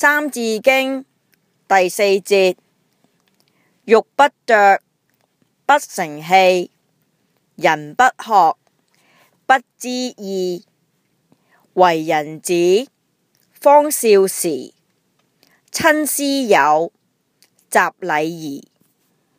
三字經第四節：玉不琢，不成器，人不學，不知義。為人子，方少時，親師友，習禮儀。